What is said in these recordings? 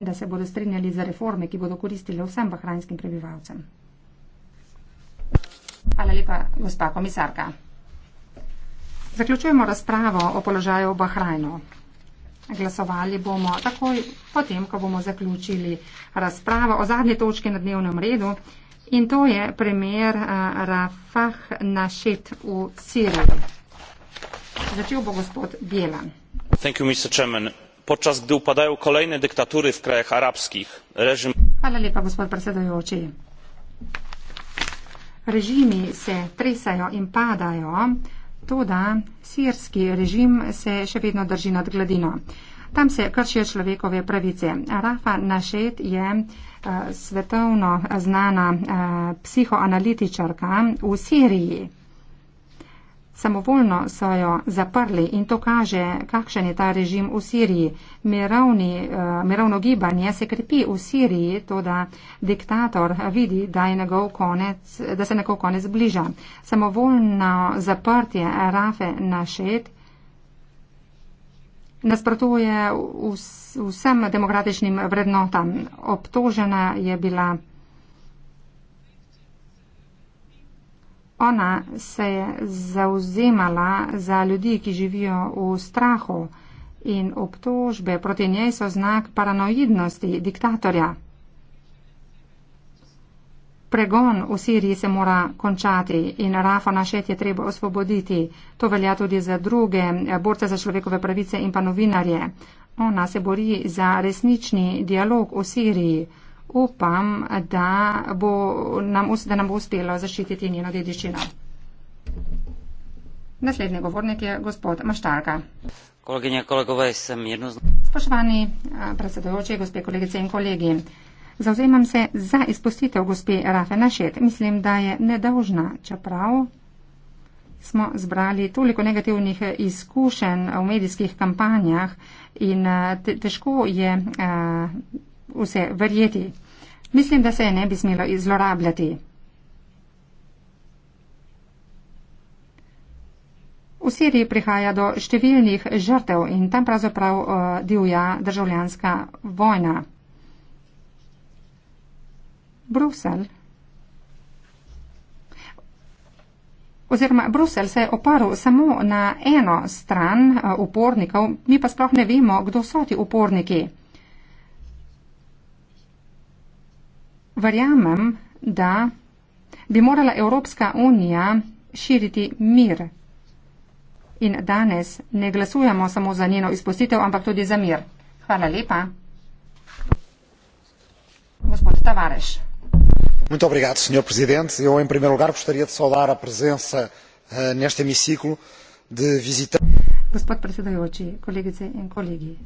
da se bodo strinjali za reforme, ki bodo koristile vsem bahrajnskim prebivalcem. Hvala lepa, gospa komisarka. Zaključujemo razpravo o položaju v Bahrajnu. Glasovali bomo takoj potem, ko bomo zaključili razpravo o zadnji točki na dnevnem redu in to je premjer eh, Rafah Našet v Siriji. Začel bo gospod Bjelan. Thank you, Mr. Chairman podczas gdy upadają kolejne dyktatury w krajach arabskich reżim Režimi se tresajo in padajo, tudi sirski režim se še vedno drži nad gladino. Tam se kršijo človekove pravice. Rafa Našet je eh, svetovno znana eh, psihoanalitičarka v Siriji. Samovoljno so jo zaprli in to kaže, kakšen je ta režim v Siriji. Miravni, uh, eh, miravno gibanje se krepi v Siriji, to da diktator vidi, da, konec, da se nekako konec bliža. Samovoljno zaprtje Rafe na šed nasprotuje vsem demokratičnim vrednotam. Obtožena je bila. Ona se je zauzemala za ljudi, ki živijo v strahu in obtožbe proti njej so znak paranoidnosti diktatorja. Pregon v Siriji se mora končati in Rafa Našet je treba osvoboditi. To velja tudi za druge borce za človekove pravice in pa novinarje. Ona se bori za resnični dialog v Siriji upam, da, bo nam, da nam bo uspelo zaščititi njeno dediščino. Naslednji govornik je gospod Maštarka. Koleginje, kolegove, sem mirno znal. Spoštovani eh, predsedojoči, gospe kolegice in kolegi. Zauzemam se za izpustitev gospe Rafe Našet. Mislim, da je nedolžna, čeprav smo zbrali toliko negativnih eh, izkušenj v medijskih kampanjah in eh, težko je vse verjeti. Mislim, da se je ne bi smelo izlorabljati. V Siriji prihaja do številnih žrtev in tam pravzaprav uh, divja državljanska vojna. Brusel. Oziroma, Brusel se je oparil samo na eno stran eh, upornikov, mi pa sploh ne vemo, kdo so ti uporniki. Verjamem, da bi morala Evropska unija širiti mir. In danes ne glasujemo samo za njeno izpustitev, ampak tudi za mir. Hvala lepa. Gospod Tavares. Muito obrigado, senhor presidente. Eu, em primeiro lugar, gostaria de saudar a presença uh, neste hemiciclo de visitantes. Gospod predsedujoči, kolegice in kolegi.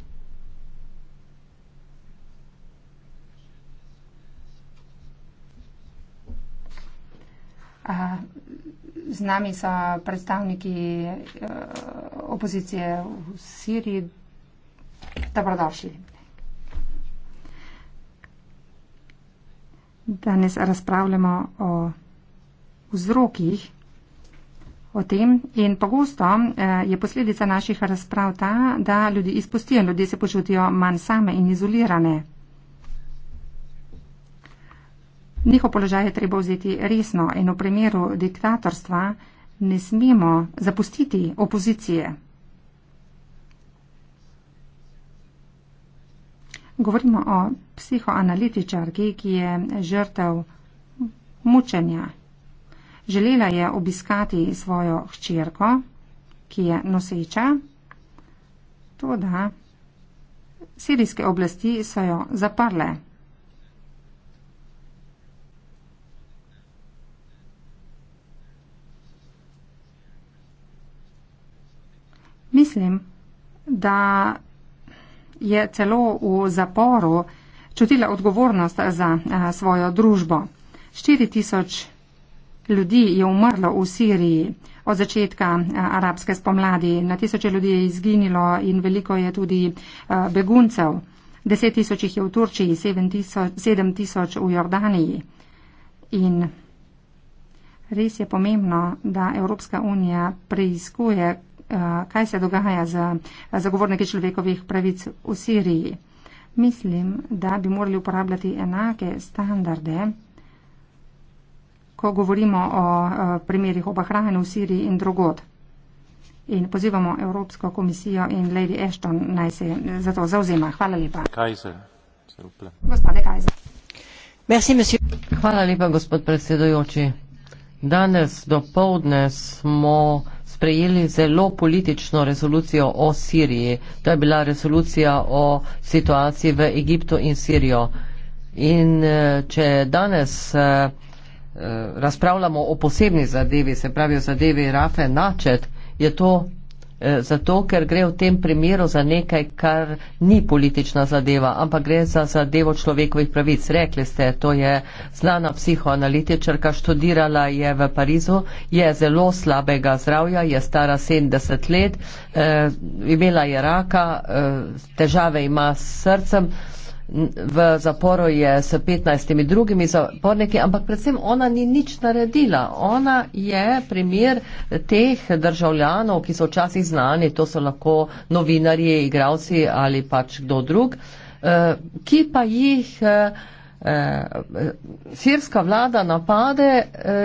Z nami so predstavniki e, opozicije v Siriji. Dobrodošli. Danes razpravljamo o vzrokih o tem in pogosto e, je posledica naših razprav ta, da ljudi izpustijo, ljudje se počutijo manj same in izolirane. Njihov položaj je treba vzeti resno in v primeru diktatorstva ne smemo zapustiti opozicije. Govorimo o psihoanalitičarki, ki je žrtev mučenja. Želela je obiskati svojo hčerko, ki je noseča, to da sirijske oblasti so jo zaprle. mislim, da je celo v zaporu čutila odgovornost za svojo družbo. 4000 ljudi je umrlo v Siriji od začetka arabske spomladi. Na tisoče ljudi je izginilo in veliko je tudi beguncev. 10 tisoč jih je v Turčiji, 7 tisoč v Jordaniji. In res je pomembno, da Evropska unija preizkuje, Eh, kaj se dogaja z eh, zagovorniki človekovih pravic v Siriji. Mislim, da bi morali uporabljati enake standarde, ko govorimo o eh, primerih o Bahrajnu v Siriji in drugod. In pozivamo Evropsko komisijo in Lady Ashton naj se za to zauzema. Hvala lepa. Hvala lepa, gospod predsedujoči. Danes do povdne smo sprejeli zelo politično rezolucijo o Siriji. To je bila rezolucija o situaciji v Egiptu in Sirijo. In eh, če danes eh, eh, razpravljamo o posebni zadevi, se pravi o zadevi Rafe Načet, je to Eh, zato ker gre v tem primeru za nekaj, kar ni politična zadeva, ampak gre za zadevo človekovih pravic. Rekli ste, to je znana psihoanalitičarka, študirala je v Parizu, je zelo slabega zdravja, je stara 70 let, eh, imela je raka, eh, težave ima s srcem v zaporu je s 15 drugimi zaporniki, ampak predvsem ona ni nič naredila. Ona je primer teh državljanov, ki so včasih znani, to so lahko novinarji, igravci ali pač kdo drug, eh, ki pa jih eh, eh, sirska vlada napade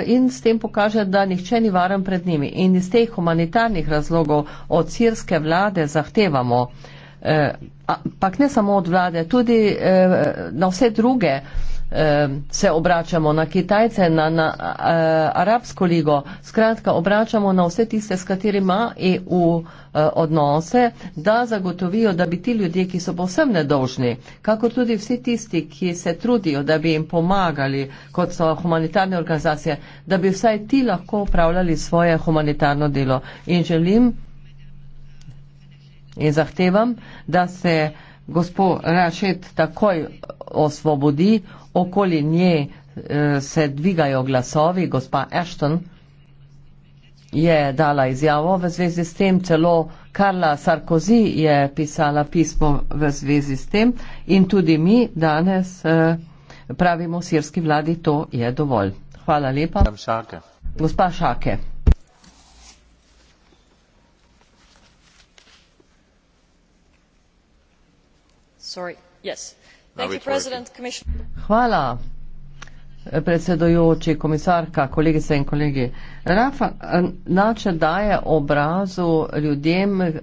in s tem pokaže, da nihče ni varen pred njimi. In iz teh humanitarnih razlogov od sirske vlade zahtevamo, eh, ampak ne samo od vlade, tudi eh, na vse druge eh, se obračamo, na Kitajce, na, na eh, Arabsko ligo, skratka obračamo na vse tiste, s katerima EU eh, odnose, da zagotovijo, da bi ti ljudje, ki so posebno nedolžni, kako tudi vsi tisti, ki se trudijo, da bi jim pomagali, kot so humanitarne organizacije, da bi vsaj ti lahko upravljali svoje humanitarno delo. In želim, in zahtevam, da se gospod Rašet takoj osvobodi, okoli nje eh, se dvigajo glasovi, gospa Ashton je dala izjavo v zvezi s tem, celo Karla Sarkozy je pisala pismo v zvezi s tem in tudi mi danes eh, pravimo sirski vladi, to je dovolj. Hvala lepa. Gospa Šake. Hvala, eh, predsedujoči, komisarka, kolegice in kolegi. Rafa eh, Nače daje obrazu ljudem, eh,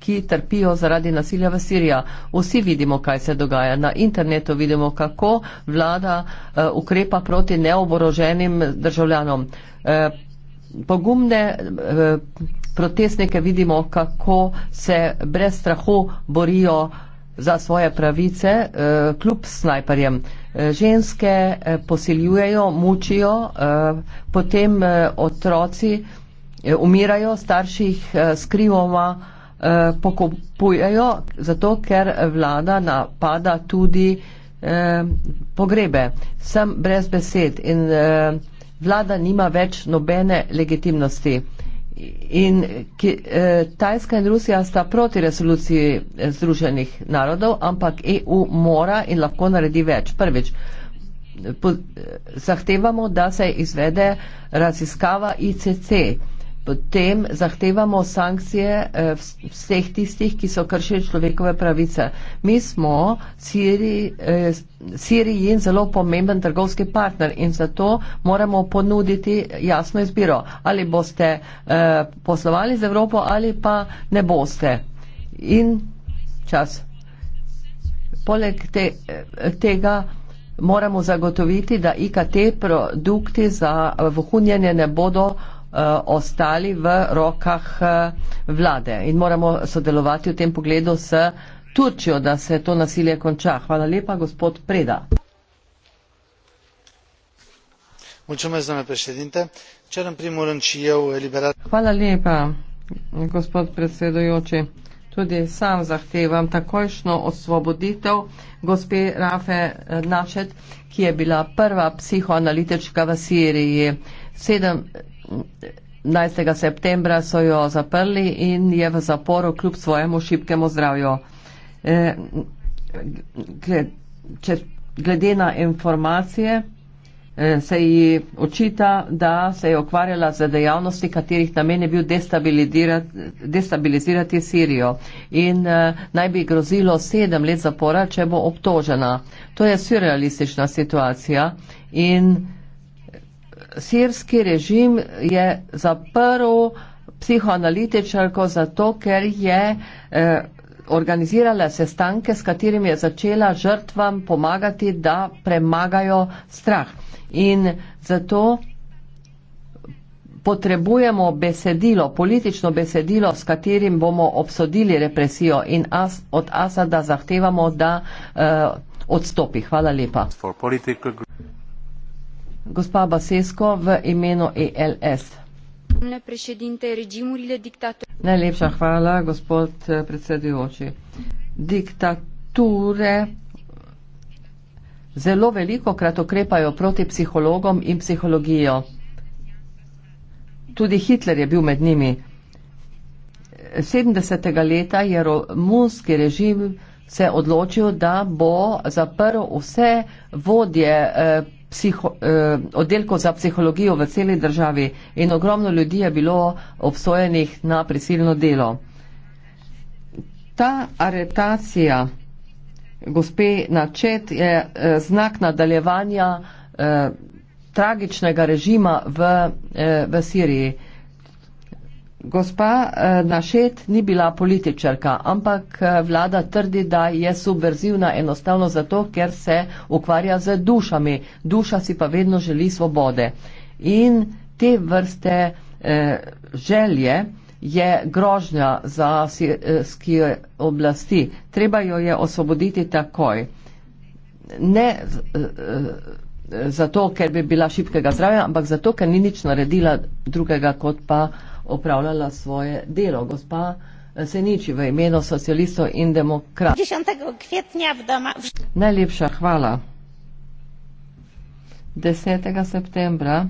ki trpijo zaradi nasilja v Siriji. Vsi vidimo, kaj se dogaja. Na internetu vidimo, kako vlada ukrepa proti neoboroženim državljanom. Pogumne protestnike vidimo, kako se brez strahu borijo za svoje pravice, eh, kljub snajperjem. Eh, ženske eh, posiljujejo, mučijo, potem otroci umirajo, starši jih skrivoma pokupujejo, zato ker vlada napada tudi pogrebe. Sem brez besed in vlada nima več nobene legitimnosti. In ki, eh, Tajska in Rusija sta proti resoluciji e, Združenih narodov, ampak EU mora in lahko naredi več. Prvič, po, e, zahtevamo, da se izvede raziskava ICC potem zahtevamo sankcije eh, vseh tistih, ki so kršili človekove pravice. Mi smo eh, Siriji in zelo pomemben trgovski partner in zato moramo ponuditi jasno izbiro, ali boste eh, poslovali z Evropo ali pa ne boste. In čas. Poleg te, tega moramo zagotoviti, da IKT produkti za vohunjenje ne bodo Eh, ostali v rokah eh, vlade in moramo sodelovati v tem pogledu s Turčijo, da se to nasilje konča. Hvala lepa, gospod Preda. Hvala lepa, gospod predsedujoči. Tudi sam zahtevam takojšno osvoboditev gospe Rafe Našet, ki je bila prva psihoanalitička v Siriji. 11. septembra so jo zaprli in je v zaporu kljub svojemu šibkemu zdravju. E, glede na informacije e, se ji očita, da se je okvarjala z dejavnosti, katerih namen je bil destabilizirati, destabilizirati Sirijo in e, naj bi grozilo sedem let zapora, če bo obtožena. To je surrealistična situacija in sirski režim je zaprl psihoanalitičarko zato, ker je eh, organizirala sestanke, s katerimi je začela žrtvam pomagati, da premagajo strah. In zato potrebujemo besedilo, politično besedilo, s katerim bomo obsodili represijo in as, od Asada zahtevamo, da uh, odstopi. Hvala lepa. Gospa Basesko v imenu ELS. Najlepša hvala, gospod eh, predsedujoči. Diktature zelo veliko krat okrepajo proti psihologom in psihologijo. Tudi Hitler je bil med njimi. 70. leta je romunski režim se odločil, da bo zaprl vse vodje eh, psiho, eh, oddelkov za psihologijo v celi državi in ogromno ljudi je bilo obsojenih na prisilno delo. Ta aretacija gospe Načet je eh, znak nadaljevanja eh, tragičnega režima v, eh, v Siriji. Gospa eh, Našet ni bila političarka, ampak eh, vlada trdi, da je subverzivna enostavno zato, ker se ukvarja z dušami. Duša si pa vedno želi svobode. In te vrste eh, želje je grožnja za sirske oblasti. Treba jo je osvoboditi takoj. Ne zato, ker bi bila šipkega zdravja, ampak zato, ker ni nič naredila drugega kot pa opravljala svoje delo. Gospa eh, Seniči v imenu socialistov in demokratov. 10. kvetnja v doma. Najlepša hvala. 10. septembra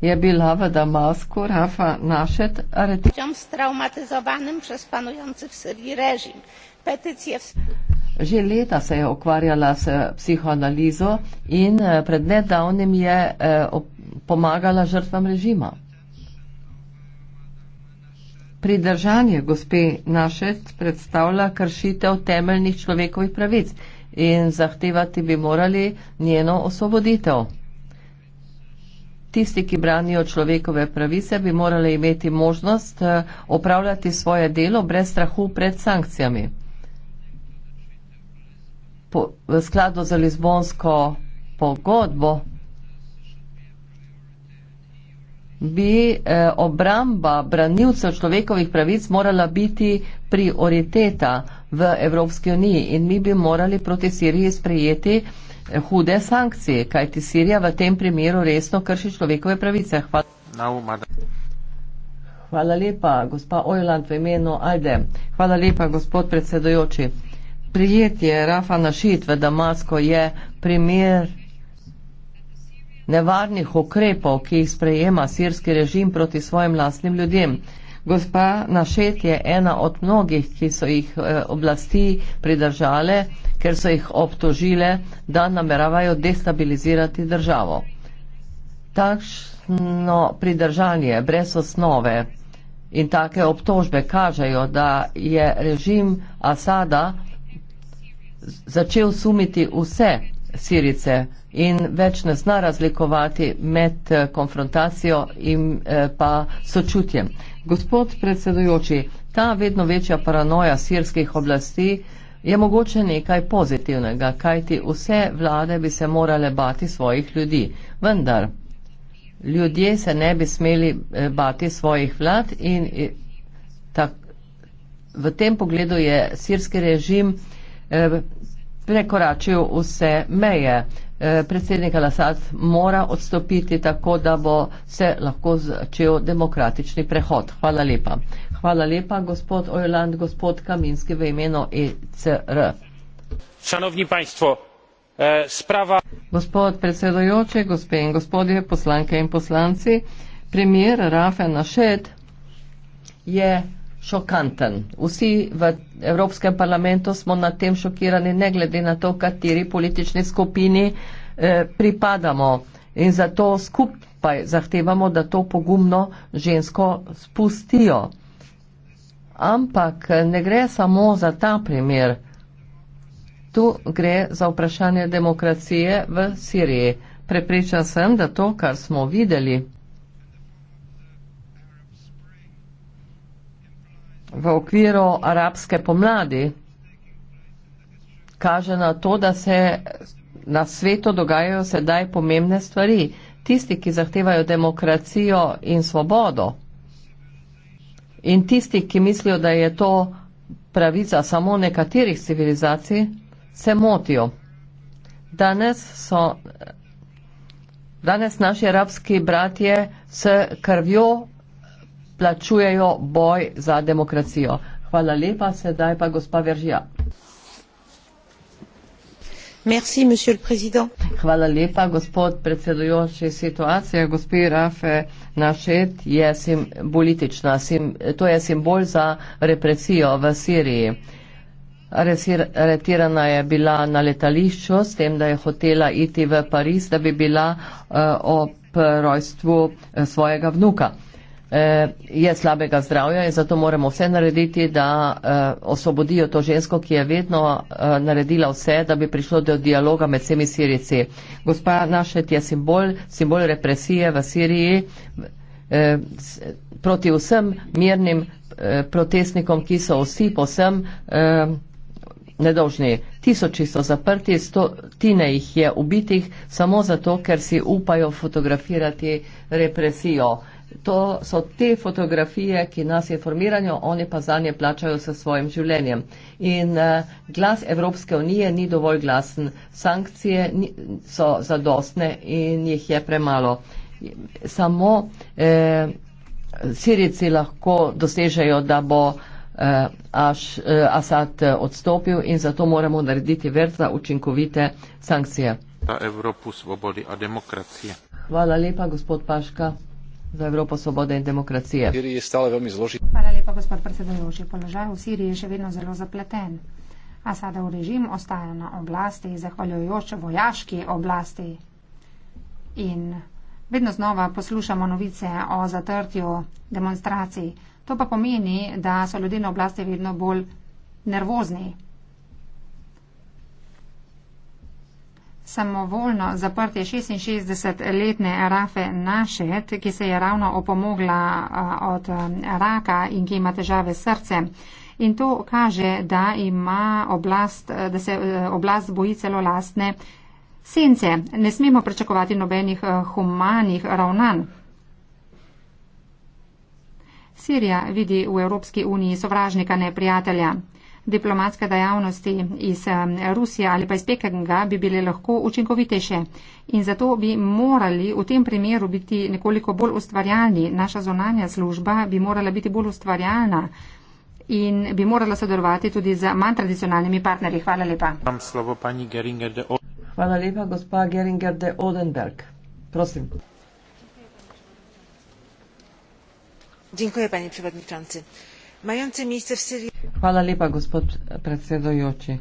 je bila v Damasku Rafa Našet aretiran. S traumatizovanim čez panujoči v Srbiji režim. Peticije v Že leta se je ukvarjala s psihoanalizo in eh, pred nedavnim je eh, pomagala žrtvam režima pridržanje gospe Našec predstavlja kršitev temeljnih človekovih pravic in zahtevati bi morali njeno osvoboditev. Tisti, ki branijo človekove pravice, bi morali imeti možnost eh, opravljati svoje delo brez strahu pred sankcijami. Po, v skladu z Lizbonsko pogodbo bi eh, obramba branilcev človekovih pravic morala biti prioriteta v Evropski uniji in mi bi morali proti Siriji sprejeti eh, hude sankcije, kajti Sirija v tem primeru resno krši človekove pravice. Hvala. Hvala lepa, gospa Ojland, v imenu Ajde. Hvala lepa, gospod predsedujoči. Prijetje Rafa Našit v Damasko je primer nevarnih ukrepov, ki jih sprejema sirski režim proti svojim lastnim ljudem. Gospa Našet je ena od mnogih, ki so jih eh, oblasti pridržale, ker so jih obtožile, da nameravajo destabilizirati državo. Takšno pridržanje brez osnove in take obtožbe kažejo, da je režim Asada začel sumiti vse, Sirice in več ne zna razlikovati med eh, konfrontacijo in eh, pa sočutjem. Gospod predsedujoči, ta vedno večja paranoja sirskih oblasti je mogoče nekaj pozitivnega, kajti vse vlade bi se morale bati svojih ljudi. Vendar ljudje se ne bi smeli eh, bati svojih vlad in tak, v tem pogledu je sirski režim prekoračil vse meje. Eh, predsednik Al-Assad mora odstopiti tako, da bo se lahko začel demokratični prehod. Hvala lepa. Hvala lepa, gospod Ojland, gospod Kaminski v imenu ECR. Šanovni panjstvo, e, sprava. Gospod predsedujoči, gospe in gospodje, poslanke in poslanci, premijer Rafa Našed je šokanten. Vsi v Evropskem parlamentu smo nad tem šokirani, ne glede na to, kateri politični skupini eh, pripadamo. In zato skupaj zahtevamo, da to pogumno žensko spustijo. Ampak eh, ne gre samo za ta primer. Tu gre za vprašanje demokracije v Siriji. Prepričan sem, da to, kar smo videli, v okviru arabske pomladi kaže na to, da se na svetu dogajajo sedaj pomembne stvari. Tisti, ki zahtevajo demokracijo in svobodo in tisti, ki mislijo, da je to pravica samo nekaterih civilizacij, se motijo. Danes so. Danes naši arabski bratje s krvjo plačujejo boj za demokracijo. Hvala lepa, sedaj pa gospa Veržija. Merci, Hvala lepa, gospod predsedujoči. Situacija gospe Rafe Našet je simbolična. Sim, to je simbol za represijo v Siriji. Aretirana je bila na letališču s tem, da je hotela iti v Pariz, da bi bila uh, ob rojstvu eh, svojega vnuka. Eh, je slabega zdravja in zato moramo vse narediti, da eh, osvobodijo to žensko, ki je vedno eh, naredila vse, da bi prišlo do dialoga med vsemi Sirici. Gospa Našet je simbol, simbol represije v Siriji proti vsem mirnim protestnikom, ki so vsi posem nedolžni. Tisoči so zaprti, stotine jih je ubitih samo zato, ker si upajo fotografirati represijo. To so te fotografije, ki nas informirajo, oni pa za nje plačajo s svojim življenjem. In eh, glas Evropske unije ni dovolj glasen, sankcije ni, so zadostne in jih je premalo. Samo eh, Sirici lahko dosežejo, da bo eh, až, eh, Asad eh, odstopil in zato moramo narediti vrta učinkovite sankcije. Hvala lepa, gospod Paška za Evropo svobode in demokracije. Hvala lepa, gospod predsedujoči. Položaj v Siriji je še vedno zelo zapleten. Asadov režim ostaja na oblasti, zahvaljujoč vojaški oblasti. In vedno znova poslušamo novice o zatrtju demonstracij. To pa pomeni, da so ljudje na oblasti vedno bolj nervozni. Samovoljno zaprtje 66-letne Rafe Našet, ki se je ravno opomogla od raka in ki ima težave srce. In to kaže, da, oblast, da se e, oblast boji celo lastne sence. Ne smemo pričakovati nobenih e, humanih ravnanj. Sirija vidi v Evropski uniji sovražnika neprijatelja diplomatske dejavnosti iz eh, Rusije ali pa iz Pekinga bi bile lahko učinkovitejše. In zato bi morali v tem primeru biti nekoliko bolj ustvarjalni. Naša zonanja služba bi morala biti bolj ustvarjalna in bi morala sodelovati tudi z manj tradicionalnimi partnerji. Hvala lepa. Hvala lepa, gospa Geringer de Odenberg. Prosim. Dziękuję panie przewodniczący mające miejsce w Syrii. Hvala lepa, gospod predsedujoči.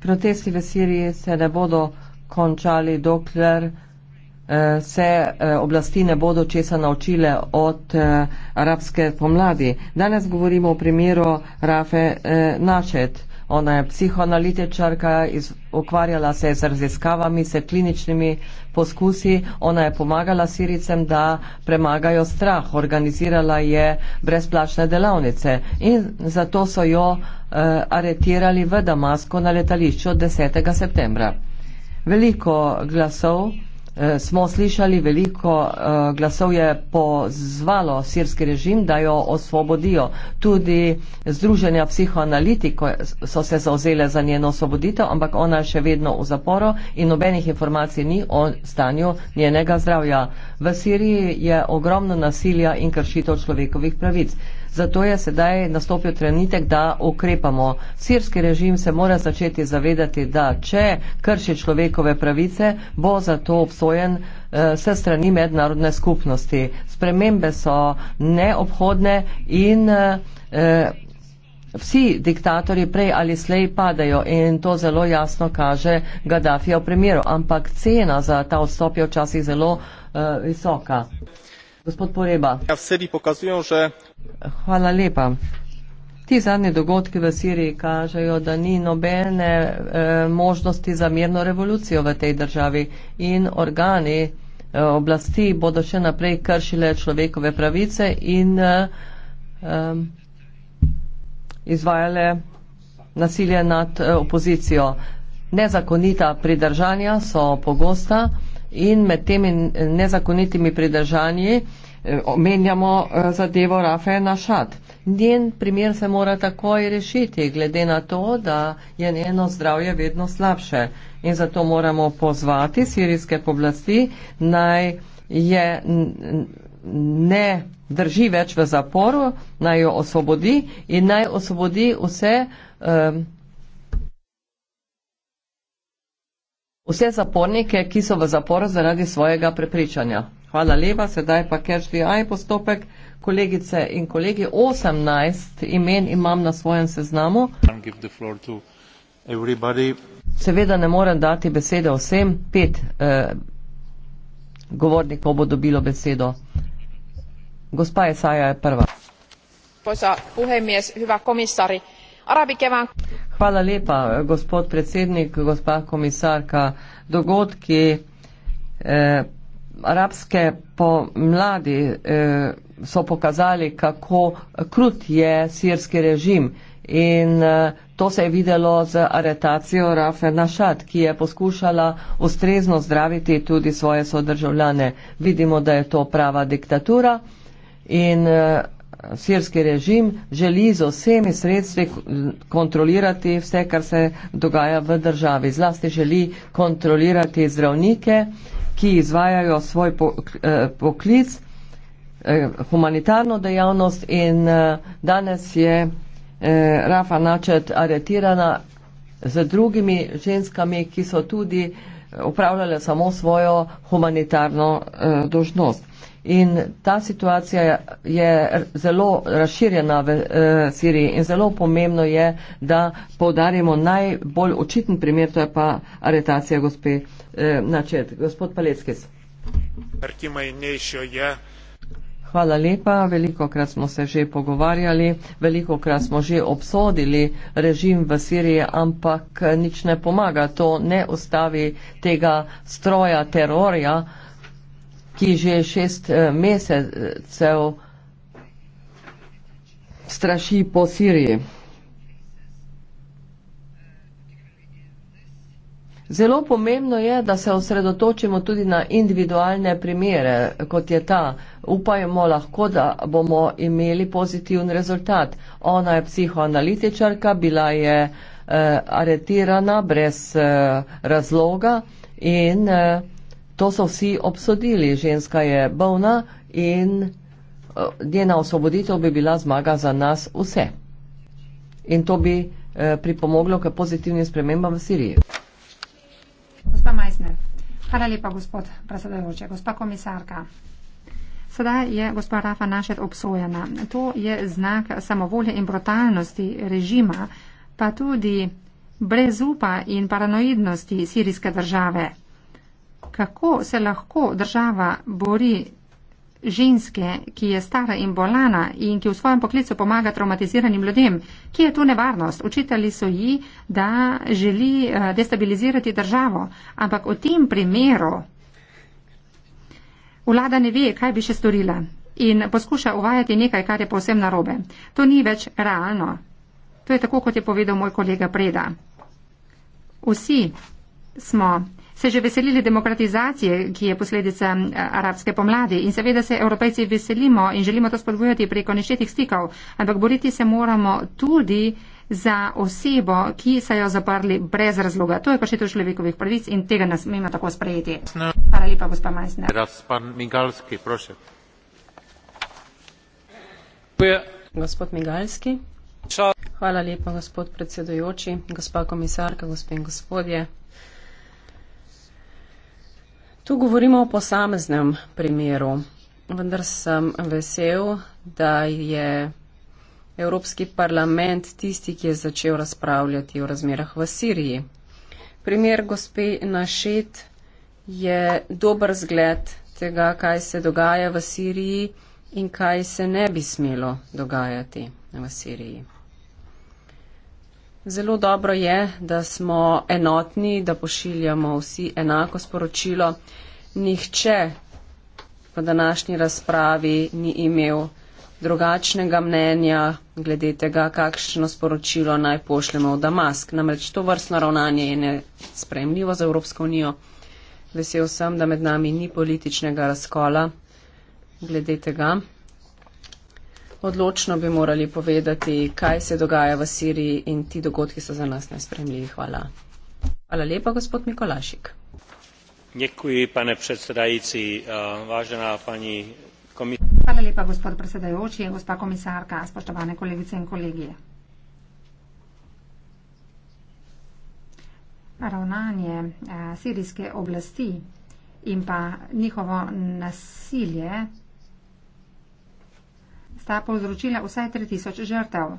Protesti v Siriji se ne bodo končali, dokler eh, se eh, oblasti ne bodo česa naučile od eh, arabske pomladi. Danes govorimo o primeru Rafe eh, Načet. Eh, Ona je psihoanalitičarka, iz, ukvarjala se je z raziskavami, se kliničnimi poskusi. Ona je pomagala siricem, da premagajo strah. Organizirala je brezplačne delavnice in zato so jo eh, aretirali v Damasku na letališču 10. septembra. Veliko glasov Eh, smo slišali veliko eh, glasov je pozvalo sirski režim, da jo osvobodijo. Tudi združenja psihoanalitiko so se zauzele za njeno osvoboditev, ampak ona je še vedno v zaporu in nobenih informacij ni o stanju njenega zdravja. V Siriji je ogromno nasilja in kršitev človekovih pravic. Zato je sedaj nastopil trenutek, da okrepamo. Sirski režim se mora začeti zavedati, da če krši človekove pravice, bo zato obsojen eh, se strani mednarodne skupnosti. Spremembe so neobhodne in eh, Vsi diktatorji prej ali slej padajo in to zelo jasno kaže Gaddafija v primeru, ampak cena za ta odstop je včasih zelo uh, visoka. Gospod Poreba. Ja, v Siriji pokazujo, da Hvala lepa. Ti zadnji dogodki v Siriji kažejo, da ni nobene e, možnosti za mirno revolucijo v tej državi in organi e, oblasti bodo še naprej kršile človekove pravice in e, e, izvajale nasilje nad e, opozicijo. Nezakonita pridržanja so pogosta in med temi nezakonitimi pridržanji Eh, omenjamo eh, zadevo Rafe Našat. Njen primer se mora takoj rešiti, glede na to, da je njeno zdravje vedno slabše in zato moramo pozvati sirijske poblasti, naj je ne drži več v zaporu, naj jo osvobodi in naj osvobodi vse, um, vse zapornike, ki so v zaporu zaradi svojega prepričanja. Hvala lepa, sedaj pa catch the eye postopek. Kolegice in kolegi, 18 imen imam na svojem seznamu. Seveda ne morem dati besede vsem, pet eh, govornikov bo dobilo besedo. Gospa Esaja je prva. Hvala lepa, gospod predsednik, gospa komisarka. Dogodki eh, arabske pomladi eh, so pokazali, kako krut je sirski režim in eh, to se je videlo z aretacijo Rafa Našat, ki je poskušala ustrezno zdraviti tudi svoje sodržavljane. Vidimo, da je to prava diktatura in eh, sirski režim želi z vsemi sredstvi kontrolirati vse, kar se dogaja v državi. Zlasti želi kontrolirati zdravnike ki izvajajo svoj po, eh, poklic, eh, humanitarno dejavnost in eh, danes je eh, Rafa Načet aretirana z drugimi ženskami, ki so tudi eh, opravljale samo svojo humanitarno eh, dožnost. In ta situacija je zelo razširjena v eh, Siriji in zelo pomembno je, da povdarimo najbolj očiten primer, to je pa aretacija gospe eh, Načet. Gospod Paleckis. Hvala lepa, veliko krat smo se že pogovarjali, veliko krat smo že obsodili režim v Siriji, ampak nič ne pomaga, to ne ustavi tega stroja terorja, ki že šest eh, mesecev straši po Siriji. Zelo pomembno je, da se osredotočimo tudi na individualne primere, kot je ta. Upajmo lahko, da bomo imeli pozitiven rezultat. Ona je psihoanalitičarka, bila je eh, aretirana brez eh, razloga in eh, to so vsi obsodili. Ženska je bolna in eh, njena osvoboditev bi bila zmaga za nas vse. In to bi eh, pripomoglo k pozitivnim spremembam v Siriji. Gospa Majsner. Hvala lepa, gospod predsedujoče. Gospa komisarka. Sedaj je gospa Rafa Našet obsojena. To je znak samovolje in brutalnosti režima, pa tudi brezupa in paranoidnosti sirijske države. Kako se lahko država bori ženske, ki je stara in bolana in ki v svojem poklicu pomaga traumatiziranim ljudem? Kje je tu nevarnost? Učitali so ji, da želi eh, destabilizirati državo, ampak v tem primeru vlada ne ve, kaj bi še storila in poskuša uvajati nekaj, kar je povsem narobe. To ni več realno. To je tako, kot je povedal moj kolega Preda. Vsi smo se že veselili demokratizacije, ki je posledica eh, arabske pomladi. In seveda se evropejci veselimo in želimo to spodbujati preko neštetih stikov, ampak boriti se moramo tudi za osebo, ki so jo zaprli brez razloga. To je kršitev človekovih pravic in tega nas mimo tako sprejeti. Hvala lepa, gospa Majsner. Gospod Migalski. Hvala lepa, gospod predsedujoči, gospa komisarka, gospe in gospodje. Tu govorimo o posameznem primeru, vendar sem vesel, da je Evropski parlament tisti, ki je začel razpravljati o razmerah v Siriji. Primer gospe Našet je dober zgled tega, kaj se dogaja v Siriji in kaj se ne bi smelo dogajati v Siriji. Zelo dobro je, da smo enotni, da pošiljamo vsi enako sporočilo. Nihče v današnji razpravi ni imel drugačnega mnenja glede tega, kakšno sporočilo naj pošljemo v Damask. Namreč to vrstno ravnanje je nespremljivo za Evropsko unijo. Vesel sem, da med nami ni političnega razkola glede tega. Odločno bi morali povedati, kaj se dogaja v Siriji in ti dogodki so za nas nespremljivi. Hvala. Hvala lepa, gospod Mikolašik. Njekuji, pane predsedajci, eh, važena pani komisarka. Hvala lepa, gospod predsedajoči, gospa komisarka, spoštovane kolegice in kolegije. Ravnanje eh, sirijske oblasti in pa njihovo nasilje sta povzročila vsaj 3000 žrtev.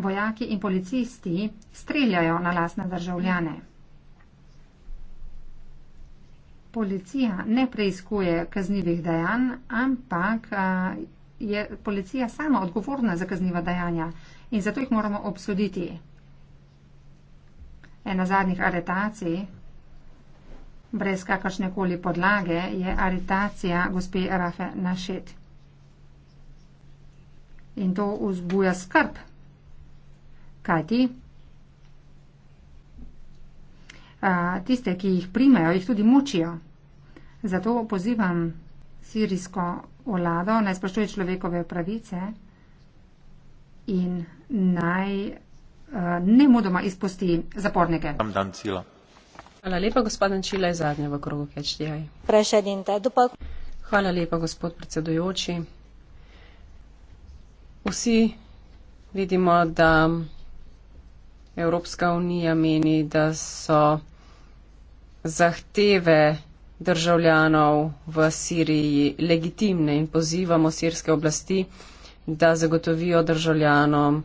Vojaki in policisti streljajo na lasne državljane. Policija ne preizkuje kaznivih dejanj, ampak je policija sama odgovorna za kazniva dejanja in zato jih moramo obsoditi. Ena zadnjih aretacij, brez kakršnekoli podlage, je aretacija gospe Rafe Našet in to vzbuja skrb. Kaj ti? A, tiste, ki jih primajo, jih tudi mučijo. Zato pozivam sirijsko vlado, naj sprašuje človekove pravice in naj a, ne mudoma izpusti zapornike. Hvala lepa, gospod Ančila, je zadnja v krogu Kečdijaj. Hvala lepa, gospod predsedujoči. Vsi vidimo, da Evropska unija meni, da so zahteve državljanov v Siriji legitimne in pozivamo sirske oblasti, da zagotovijo državljanom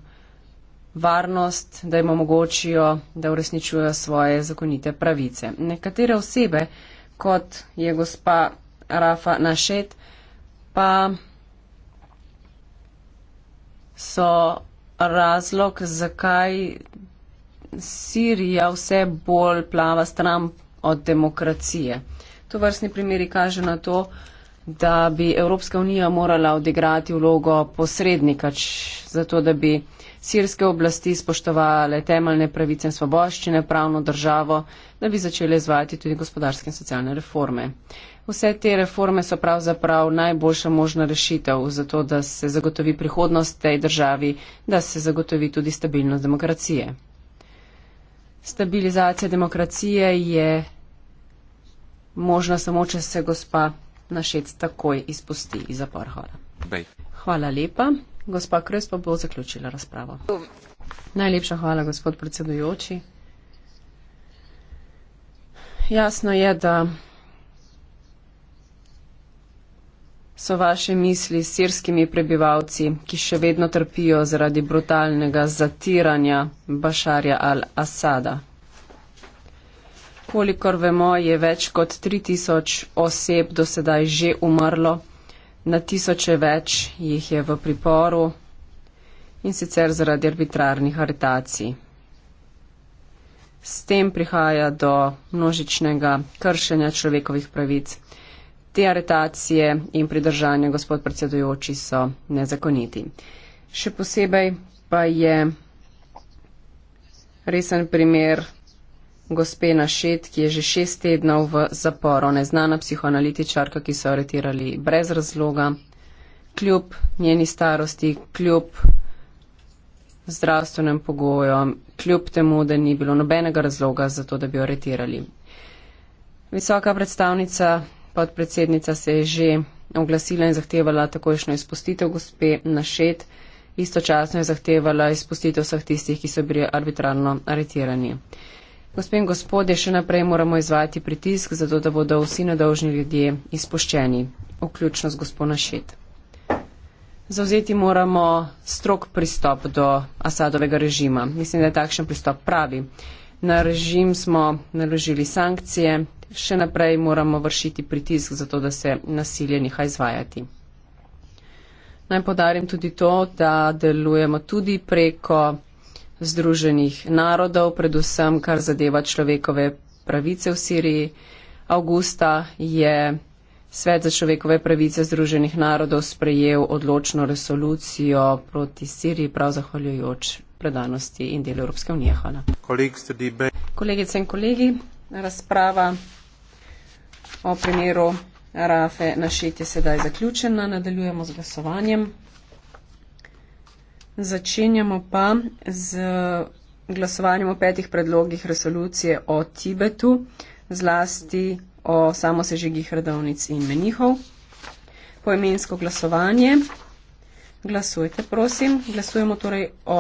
varnost, da jim omogočijo, da uresničujo svoje zakonite pravice. Nekatere osebe, kot je gospa Rafa Našet, pa so razlog, zakaj Sirija vse bolj plava stran od demokracije. To vrstni primeri kaže na to, da bi Evropska unija morala odigrati vlogo posrednika, zato da bi sirske oblasti spoštovale temeljne pravice in svoboščine, pravno državo, da bi začele izvajati tudi gospodarske in socialne reforme. Vse te reforme so pravzaprav najboljša možna rešitev za to, da se zagotovi prihodnost tej državi, da se zagotovi tudi stabilnost demokracije. Stabilizacija demokracije je možna samo, če se gospa Našec takoj izpusti iz zapora. Hvala. Hvala lepa. Gospa Kres pa bo zaključila razpravo. Najlepša hvala, gospod predsedujoči. Jasno je, da so vaše misli s sirskimi prebivalci, ki še vedno trpijo zaradi brutalnega zatiranja Bašarja al-Asada. Kolikor vemo, je več kot 3000 oseb dosedaj že umrlo na tisoče več jih je v priporu in sicer zaradi arbitrarnih aretacij. S tem prihaja do množičnega kršenja človekovih pravic. Te aretacije in pridržanje, gospod predsedujoči, so nezakoniti. Še posebej pa je resen primer gospe Našet, ki je že šest tednov v zaporu, neznana psihoanalitičarka, ki so aretirali brez razloga, kljub njeni starosti, kljub zdravstvenem pogoju, kljub temu, da ni bilo nobenega razloga za to, da bi jo aretirali. Visoka predstavnica, podpredsednica se je že oglasila in zahtevala takojšno izpustitev gospe Našet. Istočasno je zahtevala izpustitev vseh tistih, ki so bili arbitrarno aretirani. Gospe in gospode, še naprej moramo izvajati pritisk, zato da bodo vsi nedolžni ljudje izpuščeni, vključno z gospodom Šet. Zauzeti moramo strok pristop do Asadovega režima. Mislim, da je takšen pristop pravi. Na režim smo naložili sankcije, še naprej moramo vršiti pritisk, zato da se nasilje neha izvajati. Naj podarim tudi to, da delujemo tudi preko Združenih narodov, predvsem kar zadeva človekove pravice v Siriji. Augusta je Svet za človekove pravice Združenih narodov sprejel odločno resolucijo proti Siriji, prav zahvaljujoč predanosti in delu Evropske unije. Hvala. Kolegice in kolegi, razprava o primeru Rafe Našit je sedaj zaključena. Nadaljujemo z glasovanjem. Začenjamo pa z glasovanjem o petih predlogih resolucije o Tibetu, zlasti o samosežigih redovnic in menihov. Poimensko glasovanje. Glasujte, prosim. Glasujemo torej o